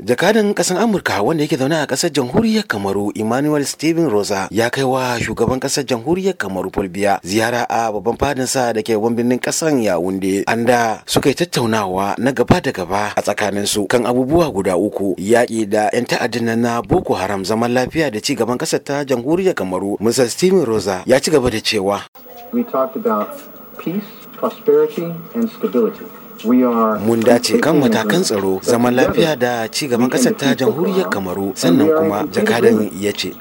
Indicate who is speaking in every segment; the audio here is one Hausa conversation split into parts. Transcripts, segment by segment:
Speaker 1: jakadan kasan amurka wanda yake zaune a kasar jamhuriyar kamaru emmanuel steven rosa ya kai wa shugaban kasar jamhuriyar kamaru fulbiya ziyara a babban sa da ke babban birnin kasan yawunde an da suka yi tattaunawa na gaba da gaba a tsakanin su kan abubuwa guda uku yaƙi da yan ta'addin na boko haram zaman lafiya da ci gaban kasar ta jamhuriyar kamaru mr steven rosa ya ci gaba da cewa we talked mun dace kan matakan tsaro zaman lafiya da ci gaban ƙasar ta jamhuriyar kamaru sannan kuma jakadan ya ce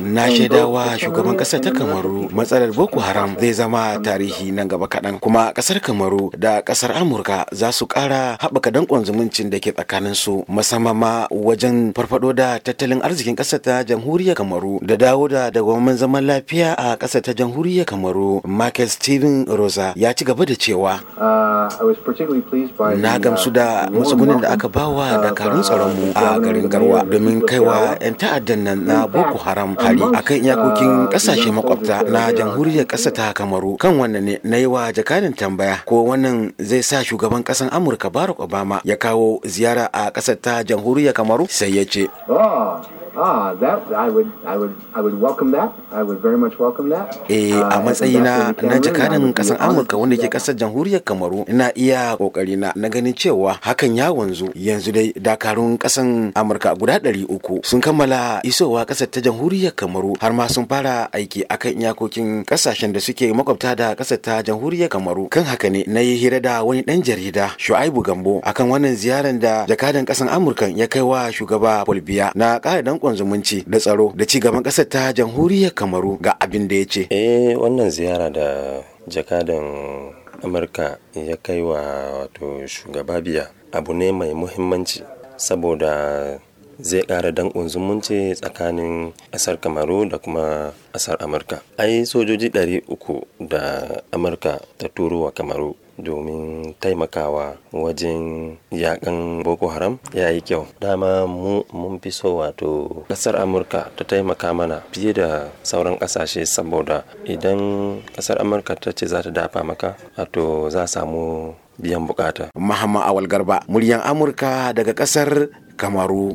Speaker 1: na shaida wa shugaban ƙasar ta kamaru matsalar boko haram zai zama tarihi nan gaba kaɗan kuma ƙasar kamaru da ƙasar amurka za su ƙara haɓaka danƙon zumuncin da ke tsakanin su musamman ma wajen farfado da tattalin arzikin ƙasar ta jamhuriyar kamaru da dawo da dagwamman zaman lafiya a ƙasar ta jamhuriyar kamaru michael steven rosa ya ci gaba da cewa uh, na gamsu da uh, matsugunin da aka bawa dakarun tsaronmu uh, a garin garwa domin kaiwa 'yan ta'addan nan na boko haram a akan iyakokin kasashe makwabta na jamhuriyar ƙasa ta kamaru kan wannan ne na yi wa jakadin tambaya ko wannan zai sa shugaban ƙasan amurka barack obama ya kawo ziyara a ƙasar ta jamhuriyar kamaru sai ya ce Ah, eh a uh, matsayina na jakadan kasan Amurka wanda ke kasar jamhuriyar Kamaru ina iya kokari na ganin cewa hakan ya wanzu yanzu dai dakarun kasan Amurka guda ɗari uku sun kammala isowa kasar ta jamhuriyar Kamaru har ma sun fara aiki akan iyakokin kasashen da suke makwabta da kasar ta jamhuriyar Kamaru kan haka ne na yi hira da wani dan jarida Shu'aibu Gambo akan wannan ziyarar da jakadan kasan Amurka ya kai wa shugaba Bolivia na ƙara rikon zumunci da tsaro da ci ƙasar ta jamhuriyar kamaru ga abin da ya ce eh wannan ziyara
Speaker 2: da jakadan amurka ya kai wa wato shugaba biya abu ne mai muhimmanci saboda zai ƙara danƙon zumunci tsakanin ƙasar kamaru da kuma ƙasar amurka ai sojoji 300 da amurka ta turo wa kamaru domin taimakawa wajen yakan boko haram ya yi kyau dama mu mun fi so wato kasar amurka ta taimaka mana fiye da sauran kasashe saboda idan kasar amurka ta ce za ta dafa maka wato za samu biyan bukata. Mahama Awal Garba, muryan Amurka daga kasar Kamaru.